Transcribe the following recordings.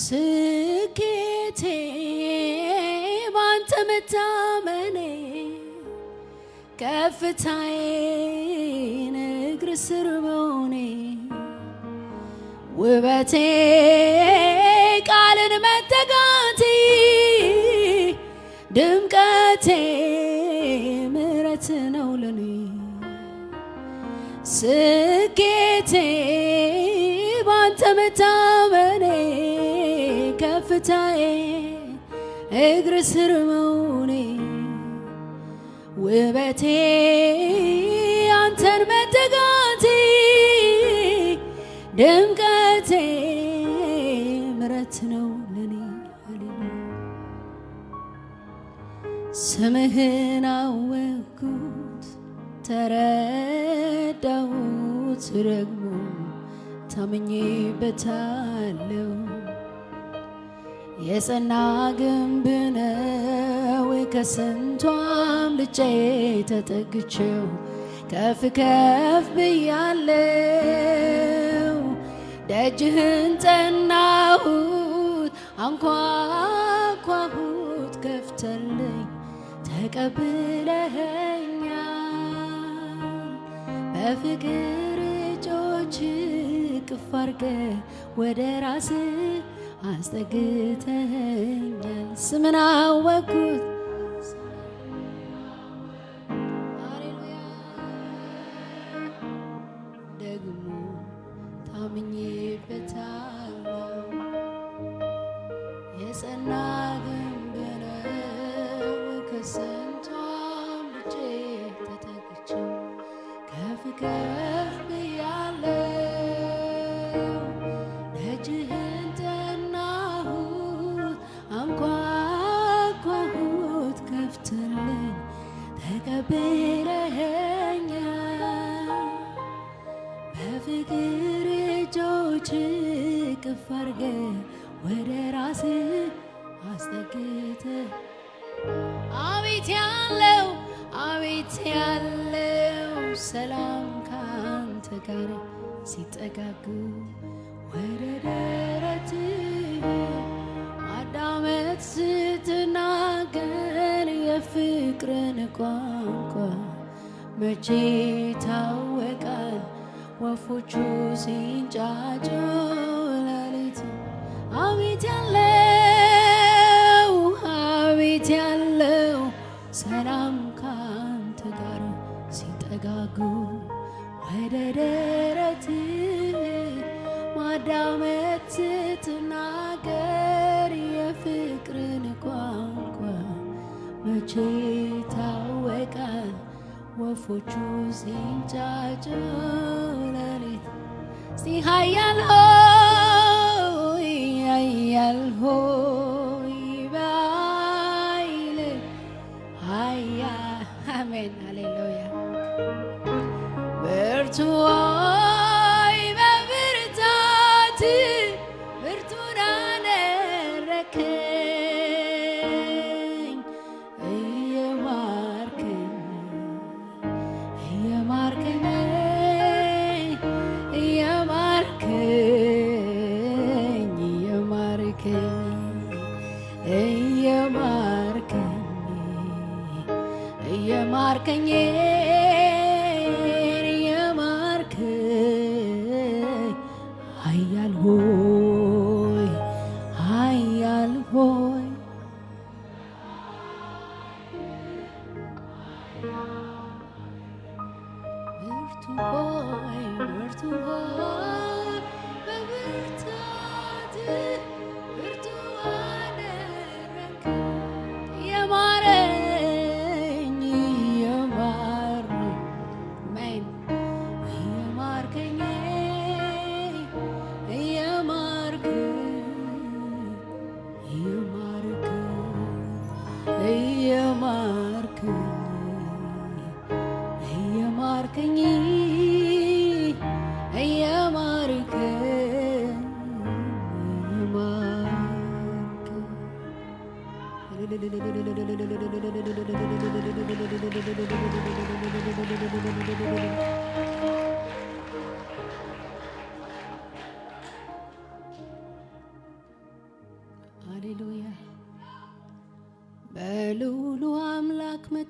ስኬቴ ባንተ መታመኔ ከፍታዬ እግር ስር በሆኔ ውበቴ ቃልን መጠጋቴ ድምቀቴ ምረት ነው ለኔ ስኬቴ ባንተ መታመኔ ጌታዬ እግር ስር መሆኔ ውበቴ አንተን መጠጋቴ ድምቀቴ ምረት ነው ለኔ ስምህን አወኩት ተረዳሁት ደግሞ ታምኜበታለሁ የጸና ግንብ ነው ከስንቱ አምልጬ ተጠግቼው ከፍ ከፍ ብያለው ደጅህን ጠናሁት አንኳኳሁት ከፍተልኝ ተቀብለኸኛል በፍቅር እጆች ቅፍ አድርገህ ወደ ራስህ አስጠግተኸኛል ስምን አወኩት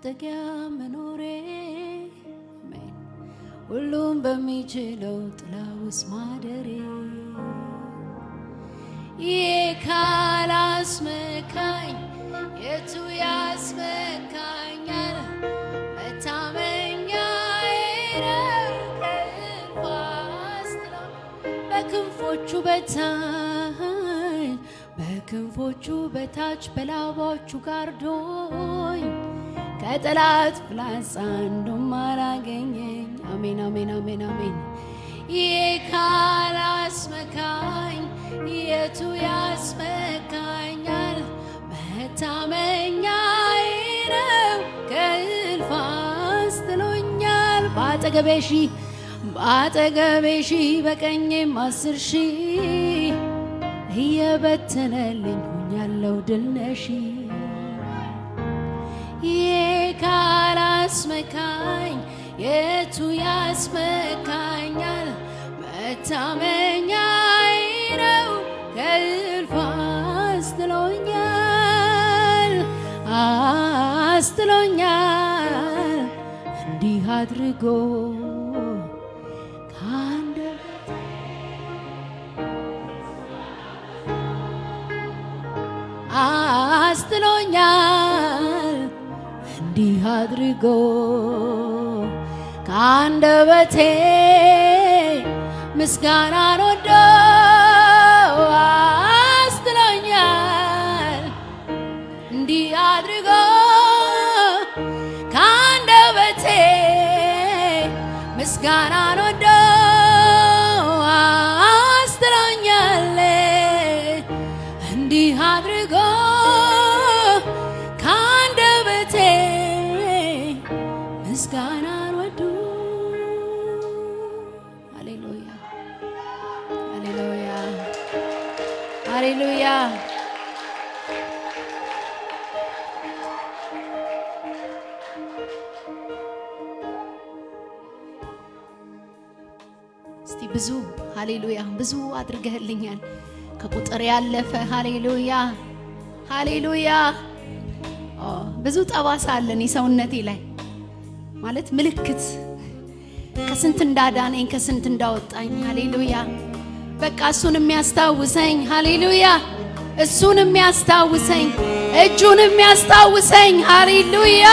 መጠጊያ መኖሬ ሁሉም በሚችለው ጥላ ውስጥ ማደሬ ይሄ ካላስመካኝ የቱ ያስመካኛል? መታመኛ በክንፎቹ በታች በክንፎቹ በታች በላባዎቹ ጋርዶኝ ከጠላት ፍላጻ አንዱም አላገኘኝ። አሜን አሜን አሜን አሜን። ይሄ ካላስመካኝ የቱ ያስመካኛል? መታመኛዬ ነው ከእልፋስ ትሎኛል። በአጠገቤ ሺህ በአጠገቤ ሺህ በቀኜም አስር ሺህ እየበተነልኝ ሁኛለው ድል ነሺ መካል አስመካኝ የቱ ያስመካኛል? መታመኛዬ ነው ከእልፍ አስጥሎኛል አስጥሎኛል እንዲህ አድርጎ አስጥሎኛል ይህ አድርጎ ከአንደበቴ ምስጋናን ወዶ አስትሎኛል። እንዲህ አድርጎ ከአንደበቴ ምስጋና ብዙ ሃሌሉያ፣ ብዙ አድርገህልኛል ከቁጥር ያለፈ ሃሌሉያ፣ ሃሌሉያ። ብዙ ጠባሳ አለን የሰውነቴ ላይ ማለት ምልክት ከስንት እንዳዳነኝ ከስንት እንዳወጣኝ ሃሌሉያ። በቃ እሱን የሚያስታውሰኝ ሃሌሉያ፣ እሱን የሚያስታውሰኝ እጁን የሚያስታውሰኝ ሃሌሉያ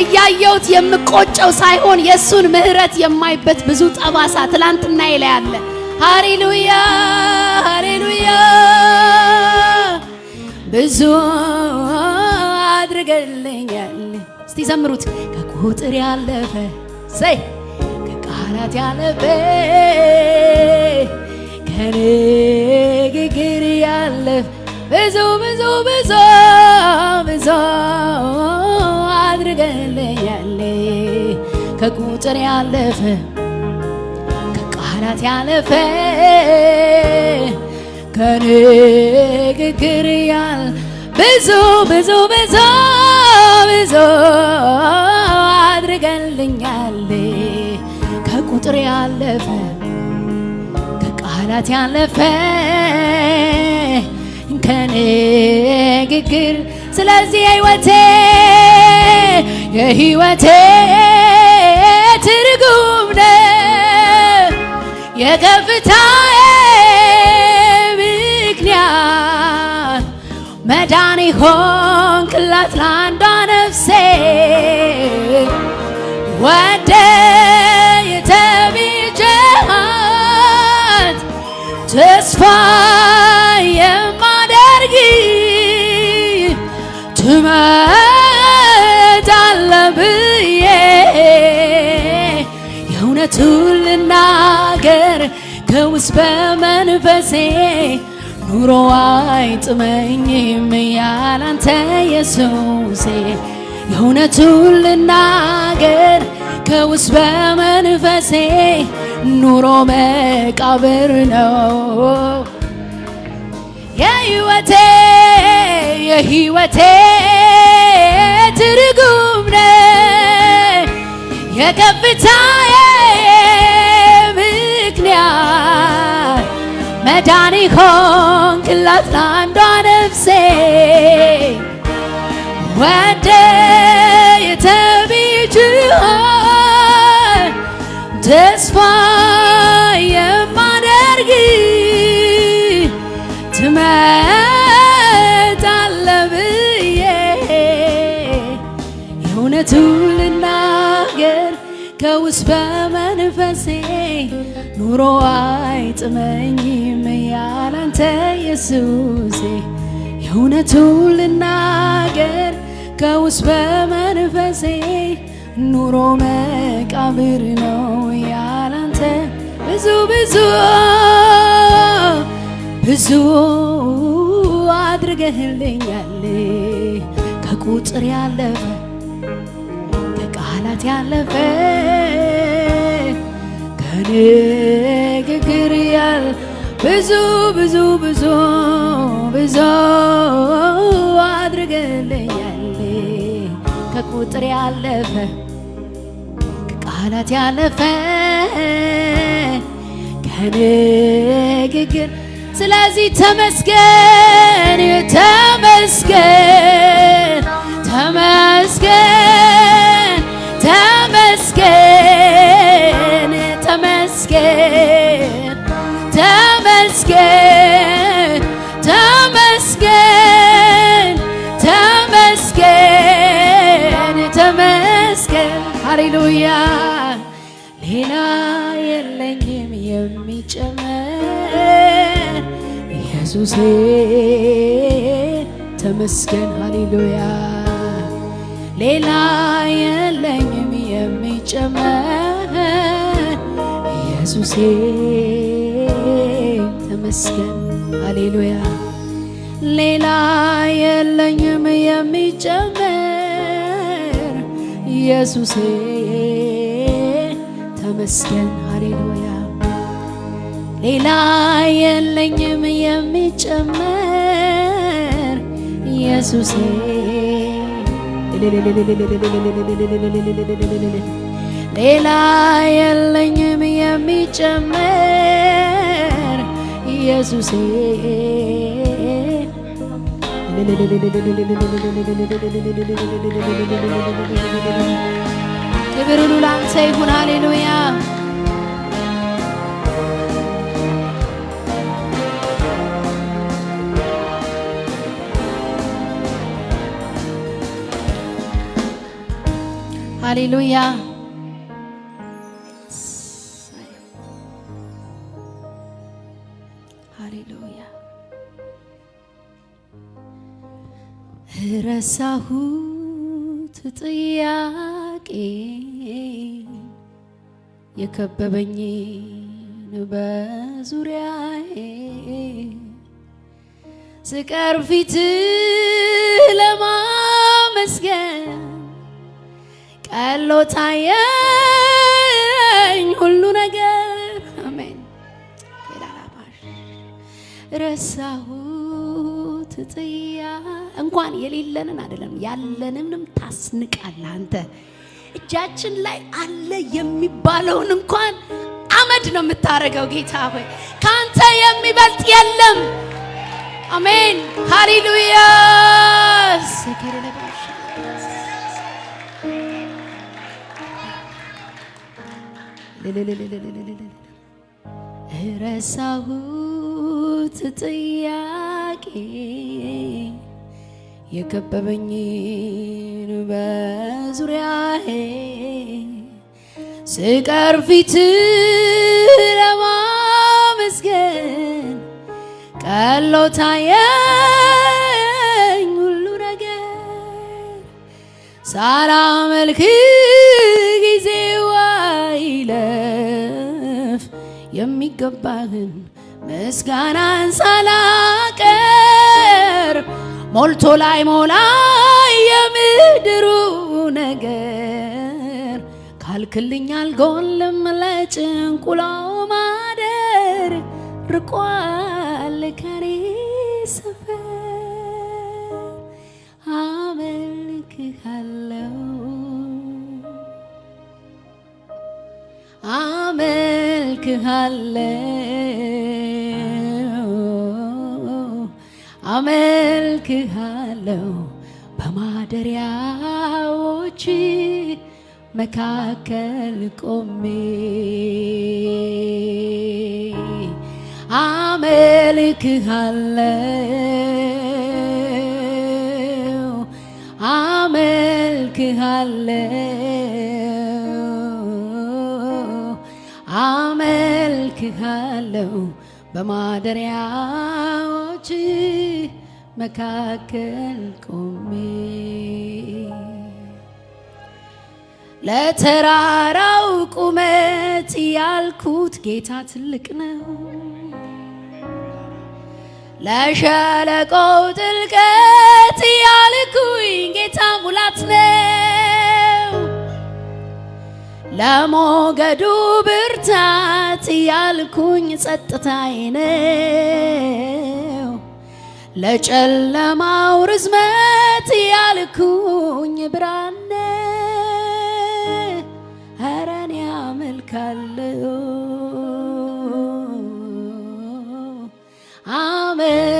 እያየውት የምቆጨው ሳይሆን የእሱን ምህረት የማይበት ብዙ ጠባሳ ትላንትና ላይ አለ። ሃሌሉያ ሃሌሉያ። ብዙ አድርገልኛል። እስቲ ዘምሩት። ከቁጥር ያለፈ ሰይ ከቃላት ያለፈ ከንግግር ያለፈ ብዙ ብዙ ብዙ ብዙ ታድርገልኛለ ከቁጥር ያለፈ ከቃላት ያለፈ ከንግግር ያል ብዙ ብዙ ብዙ ብዙ ከቁጥር ያለፈ ከቃላት ያለፈ ከንግግር ስለዚህ የህይወቴ የህይወቴ ትርጉም ነ የከፍታዬ ምክንያት መዳን ሆንክላት ለአንዷ ነፍሴ ወደ የተቤጀሃት ተስፋ እመጣለሁ ብዬ የእውነቱን ልናገር ከውስጥ በመንፈሴ ኑሮ አይጥመኝም ያለ ኢየሱሴ የእውነቱን ልናገር ከውስጥ በመንፈሴ ኑሮ መቃብር ነው የሕይወቴ You're here yahiwa te tirugumne yakapita ye can medani khon kilat nam don of say what day it tell me to this far ከውስጥ በመንፈሴ ኑሮ አይጥመኝም ያላንተ ኢየሱሴ የእውነቱን ልናገር ከውስጥ በመንፈሴ ኑሮ መቃብር ነው ያላንተ ብዙ ብዙ ብዙ አድርገህልኛል ከቁጥር ያለፈ ከቃላት ያለፈ ከንግግር ያል ብዙ ብዙ ብዙ ብዙ አድርገልኛል ከቁጥር ያለፈ ከቃላት ያለፈ ከንግግር ስለዚህ ተመስገን ተመስገን ተመስገን ሃሌሉያ ሌላ የለኝም የሚጨመር ኢየሱሴ ተመስገን ሃሌሉያ ሌላ የለኝም የሚጨመር ኢየሱሴ ተመስገን ሃሌሉያ ሌላ የለኝም የሚጨመር ኢየሱሴ ተመስገን፣ ሃሌሉያ። ሌላ የለኝም የሚጨመር ኢየሱሴ ሌላ የለኝም የሚጨመር ኢየሱሴ ክብር ሁሉ ላንተ ይሁን። ሃሌሉያ ሃሌሉያ ረሳሁት ጥያቄ የከበበኝን በዙሪያዬ ስቀር ፊት ለማመስገን ቀሎ ታየኝ ሁሉ ነገር አሜን ረሳሁት ጥያቄ እንኳን የሌለንን አይደለም ያለንንም ታስንቃለ። አንተ። እጃችን ላይ አለ የሚባለውን እንኳን አመድ ነው የምታደርገው ጌታ ሆይ። ከአንተ የሚበልጥ የለም። አሜን፣ ሃሌሉያ። ረሳሁት ጥያቄ የከበበኝን በዙሪያዬ ስቀር ፊት ለማመስገን ቀሎ ታየኝ ሁሉ ነገር ሳላመልክ ጊዜ ዋይለፍ የሚገባህን ምስጋናን ሳላቀር ሞልቶ ላይ ሞላ የምድሩ ነገር ካልክልኛል ጎልም ለጭንቁላው ማደር ርቋል ከኔ ሰፈር አመልክሃለው አመልክሃለው አመልክሃለሁ በማደሪያዎች መካከል ቆሜ አመልክሃለሁ አመልክሃለሁ አመልክሃለሁ በማደሪያ በአንቺ መካከል ቆሜ ለተራራው ቁመት ያልኩት ጌታ ትልቅ ነው፣ ለሸለቆው ጥልቀት ያልኩኝ ጌታ ሙላት ነው፣ ለሞገዱ ብርታት ያልኩኝ ጸጥታዬ ነው። ለጨለማው ርዝመት ያልኩኝ ብራነ ኸረን ያመልካለሁ አመልክሃለሁ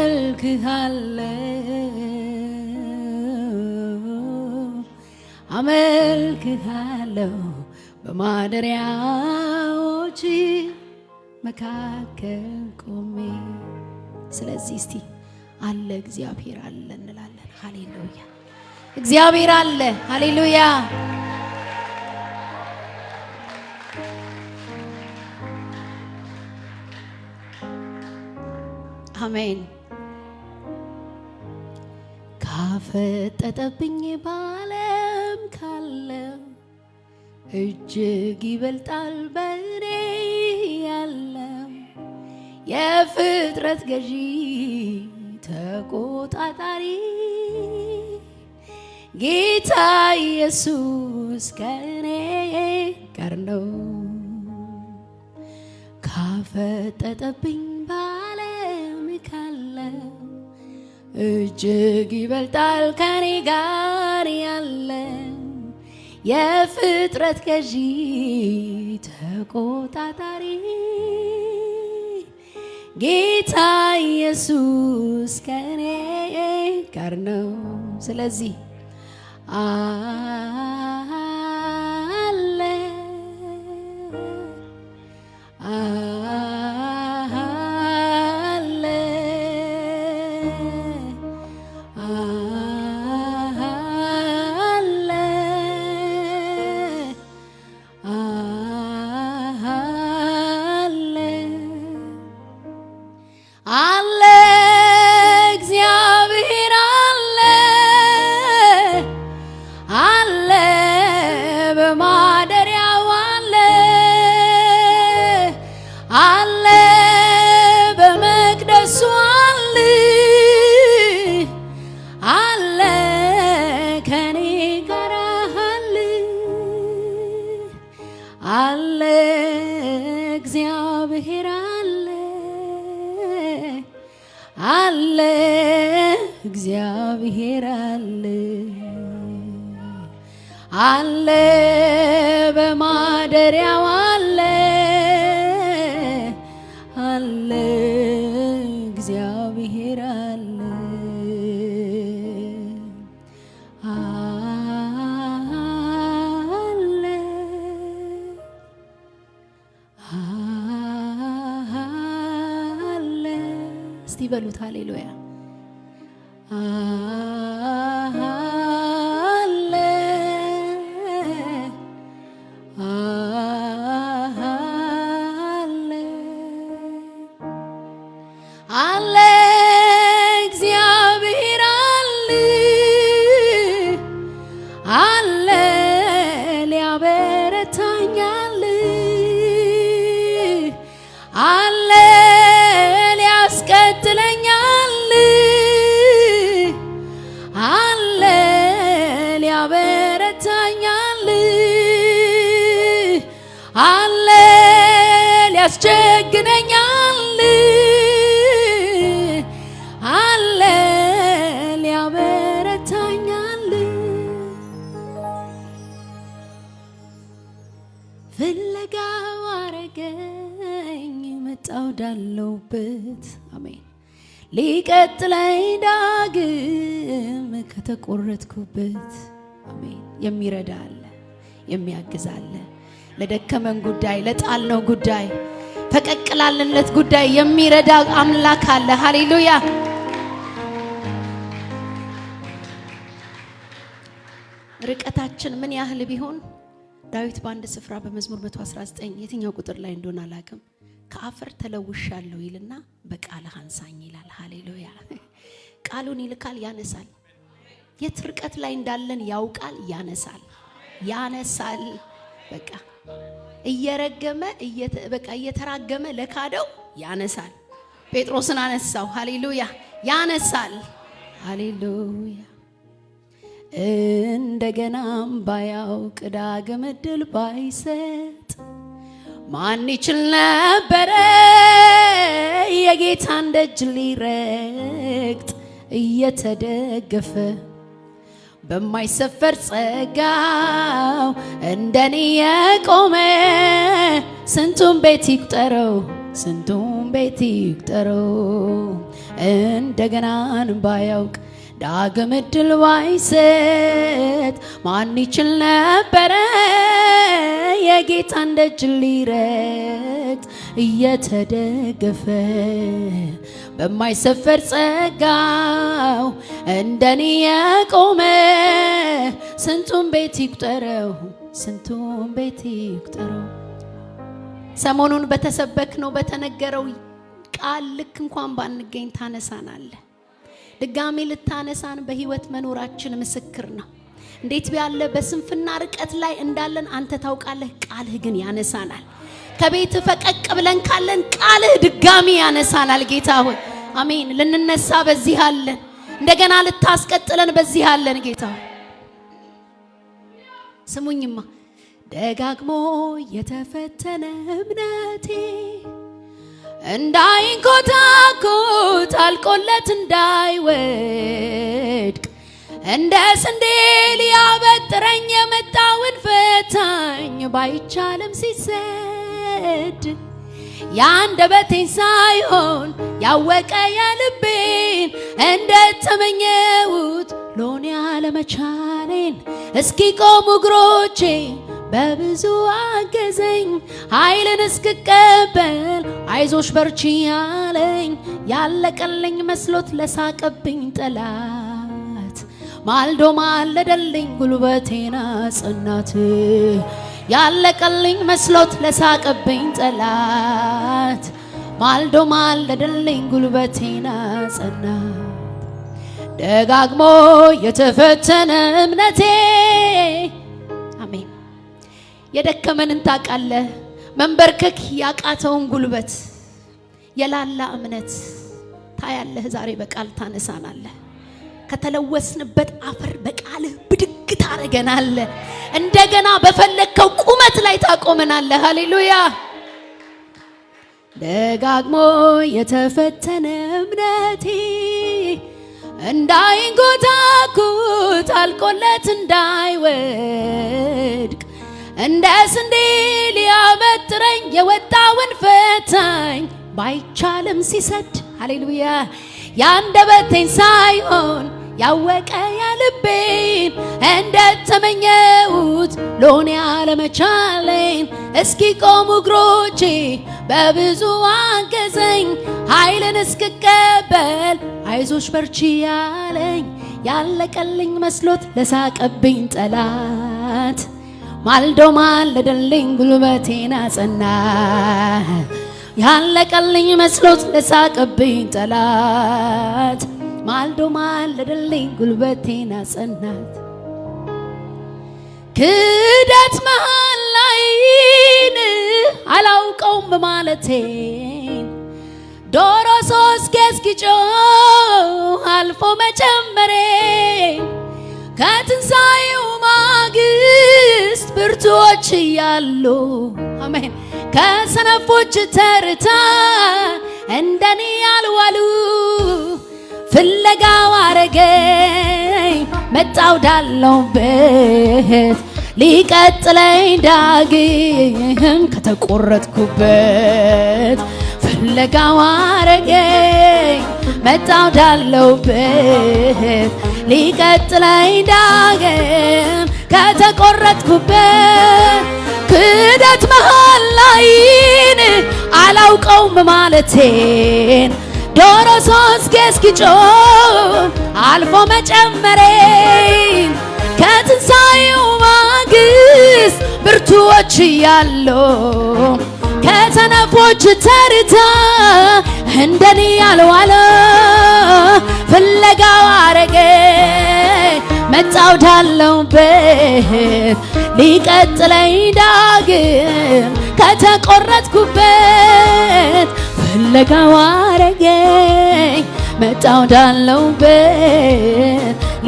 አመልክሃለሁ በማደሪያዎች መካከል ቆሜ ስለዚህ እስቲ አለ እግዚአብሔር አለ እንላለን። ሃሌሉያ እግዚአብሔር አለ። ሃሌሉያ አሜን። ካፈጠጠብኝ ባለም ካለ እጅግ ይበልጣል በእኔ ያለም የፍጥረት ገዢ ተቆጣጣሪ ጌታ ኢየሱስ ከኔ ጋር ነው። ካፈጠጠብኝ ባለም ካለ እጅግ ይበልጣል ከኔ ጋር ያለ የፍጥረት ገዢ ተቆጣጣሪ ጌታ ኢየሱስ ከኔ ጋር ነው። ስለዚህ አለ በማደሪያዋ ያስጀግነኛል አለ ሊያበረታኛል ፍለጋ ዋረገኝ መጣው ዳለውበት አሜን ሊቀጥለኝ ዳግም ከተቆረጥኩበት አሜን የሚረዳ አለ የሚያግዛለ ለደከመን ጉዳይ ለጣልነው ጉዳይ ፈቀቅ ጉዳይ የሚረዳ አምላክ አለ። ሃሌሉያ። ርቀታችን ምን ያህል ቢሆን ዳዊት በአንድ ስፍራ በመዝሙር 119 የትኛው ቁጥር ላይ እንደሆነ አላውቅም፣ ከአፈር ተለውሻለሁ ይልና በቃልህ አንሳኝ ይላል። ሃሌሉያ። ቃሉን ይልካል፣ ያነሳል። የት ርቀት ላይ እንዳለን ያውቃል፣ ያነሳል፣ ያነሳል። በቃ እየረገመ በቃ እየተራገመ ለካደው ያነሳል። ጴጥሮስን አነሳው። ሃሌሉያ ያነሳል። ሃሌሉያ እንደገናም ባያውቅ ዳግም እድል ባይሰጥ ማን ይችል ነበረ የጌታን ደጅ ሊረግጥ እየተደገፈ በማይሰፈር ጸጋው እንደኔ የቆመ ስንቱን ቤት ይቁጠረው ስንቱን ቤት ይቁጠረው እንደገና ባያውቅ ዳግም እድል ባይሰጥ ማን ይችል ነበረ የጌታን ደጅ ሊረግጥ እየተደገፈ በማይሰፈር ጸጋው እንደኔ የቆመ ስንቱን ቤት ይቁጠረው፣ ስንቱን ቤት ይቁጠረው። ሰሞኑን በተሰበክ ነው በተነገረው ቃል ልክ እንኳን ባንገኝ ታነሳናለህ። ድጋሜ ልታነሳን በህይወት መኖራችን ምስክር ነው። እንዴት ያለ በስንፍና ርቀት ላይ እንዳለን አንተ ታውቃለህ። ቃልህ ግን ያነሳናል። ከቤት ፈቀቅ ብለን ካለን ቃልህ ድጋሚ ያነሳናል። ጌታ ሆይ አሜን። ልንነሳ በዚህ አለን። እንደገና ልታስቀጥለን በዚህ አለን። ጌታ ሆይ ስሙኝማ ደጋግሞ የተፈተነ እምነቴ እንዳይንኮታኮት አልቆለት እንዳይወድቅ እንደ ስንዴ ሊያበጥረኝ የመጣውን ፈታኝ ባይቻልም ሲሰድ የአንደበቴን ሳይሆን ያወቀ የልቤን እንደተመኘሁት ሎኔ አለመቻሌን እስኪ ቆሙ እግሮቼ በብዙ አገዘኝ ኃይልን እስክቀበል አይዞሽ በርቺ ያለኝ ያለቀልኝ መስሎት ለሳቀብኝ ጠላት ማልዶ ማለደልኝ ጉልበቴና ጽናት ያለቀልኝ መስሎት ለሳቀብኝ ጠላት ማልዶ ማለደልኝ ጉልበቴና ጽናት ደጋግሞ የተፈተነ እምነቴ የደከመንን ታውቃለህ። መንበርከክ ያቃተውን ጉልበት፣ የላላ እምነት ታያለህ። ዛሬ በቃል ታነሳናለህ። ከተለወስንበት አፈር በቃልህ ብድግ ታረገናለህ። እንደገና በፈለግከው ቁመት ላይ ታቆመናለህ። ሃሌሉያ። ደጋግሞ የተፈተነ እምነቴ እንዳይንጎታኩት አልቆለት እንዳይወድ እንደ ስንዴ ሊያበጥረኝ የወጣውን ፈታኝ ባይቻልም ሲሰድ ሃሌሉያ ያንደበቴን ሳይሆን ያወቀ ያልቤን እንደ ተመኘሁት ሎኔ አለመቻለኝ እስኪ ቆሙ እግሮቼ በብዙ አገዘኝ ኃይልን እስክቀበል አይዞሽ በርቺ ያለኝ ያለቀልኝ መስሎት ለሳቀብኝ ጠላት ማልዶ ማለደልኝ ጉልበቴን አጸና ያለቀልኝ መስሎት ለሳቀብኝ ጠላት ማልዶ ማለደልኝ ጉልበቴን አጸናት ክደት መሃል ላይን አላውቀውም በማለቴን ዶሮ ሶስት ጌዝ አልፎ መጨመሬ ከትንሣኤው በትዕግስት ብርቶች እያሉ አሜን ከሰነፎች ተርታ እንደኔ ያልዋሉ ፍለጋው አረገኝ መጣው ዳለውበት ሊቀጥለኝ ዳግም ከተቆረጥኩበት ፍለጋው አረገኝ መጣው ዳለውበት ሊቀጥለኝ ዳግም ከተቆረጥኩበት ክደት መሃል ላይን አላውቀውም ማለቴን ዶሮ ሶስት ገስኪጮ አልፎ መጨመሬን ከትንሣኤው ማግስት ብርቱዎች እያለው ከተነፎች ተርታ እንደኔ ያልዋለ ፍለጋው አረገ መጣው ዳለውበት ሊቀጥለኝ ዳግም ከተቆረጥኩበት ፍለጋው አረገኝ መጣው ዳለውበት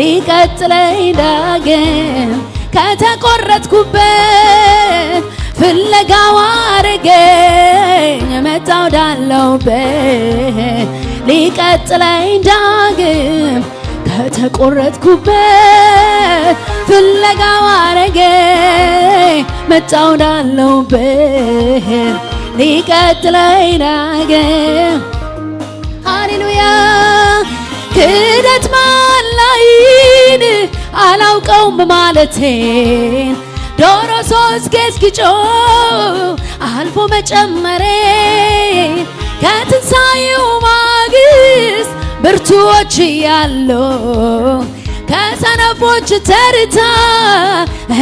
ሊቀጥለኝ ዳግም ከተቆረጥኩበት ፍለጋው አረገኝ መጣው ዳለውበት ሊቀጥለኝ ዳግም ከተቆረጥኩበት ፍለጋ ዋረገኝ መጣው ዳለውበት ሊቀጥለኝ ዳገ ሃሌሉያ ክደት ማላይን አላውቀውም ማለቴን ዶሮ ሶስት ገዝግጮ አልፎ መጨመሬ ከትንሣኤው ማግስት ብርቱዎች ያሉ ከሰነፎች ተርታ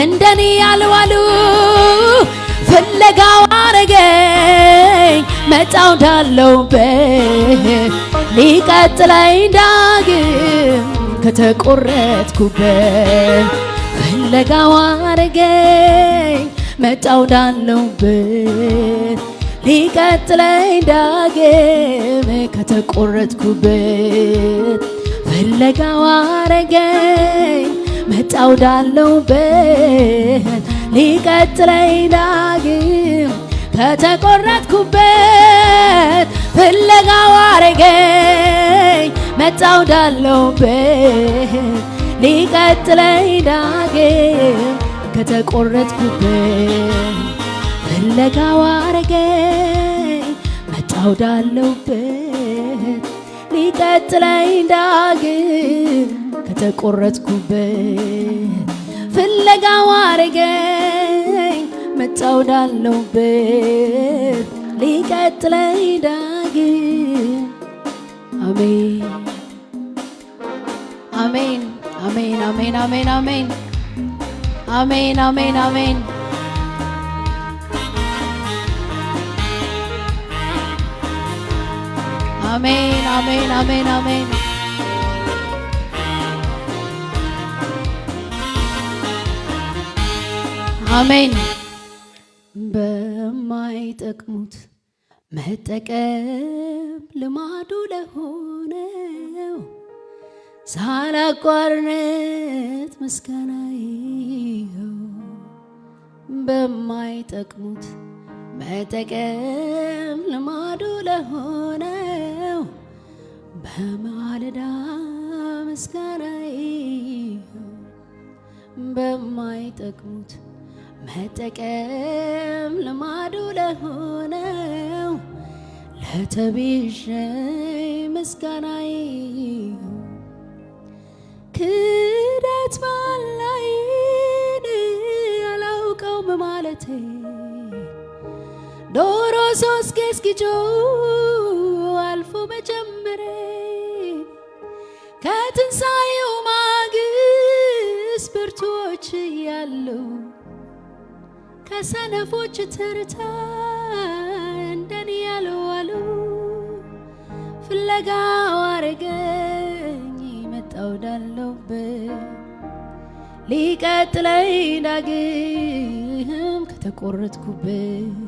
እንደኔ ያልዋሉ ፍለጋው አረገኝ መጣው እንዳለውበት ሊቀጥለኝ ዳግም ከተቆረጥኩበት ፍለጋው አረገኝ መጣው እንዳለውበት ሊቀጥለኝ ዳግም ከተቆረጥኩበት ፍለጋው አረገኝ መጣው ዳለውበት ሊቀጥለኝ ዳግም ከተቆረጥኩበት ፍለጋው አረገኝ መጣው ዳለውበት ሊቀጥለኝ ዳግም ከተቆረጥኩበት ፍለጋው አረገኝ መጣው ዳለውበት ሊቀጥለኝ ዳግም ከተቆረጥኩበት ፍለጋው አረገኝ መጣው ዳለውበት ሊቀጥለኝ ዳግም አሜን አሜን አሜን አሜን አሜን አሜን አሜን አሜን አሜን አሜን፣ አሜን፣ አሜን፣ አሜን። አሜን። በማይጠቅሙት መጠቀም ልማዱ ለሆነው ሳላቋርነት ምስጋና ይኸው በማይጠቅሙት መጠቀም ልማዱ ለሆነው በማለዳ ምስጋናዬ በማይጠቅሙት መጠቀም ልማዱ ለሆነው ለተቤዥ ምስጋናዬ ክደት ባላይን አላውቀውም ማለቴ ዶሮ ሶስት ጌስኪጮ አልፎ መጀመረ ከትንሣኤው ማግስት ብርቱዎች እያሉ ከሰነፎች ተርታ እንደኔ ያልዋሉ ፍለጋው አረገኝ መጣው ዳለውበት ሊቀጥለኝ ዳግም ከተቆረጥኩበት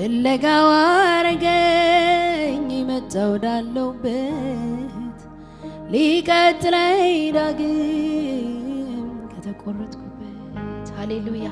ፍለጋው አረገኝ መጣው ዳለውበት ሊቀጥለኝ ዳግም ከተቆረጥኩበት ሃሌሉያ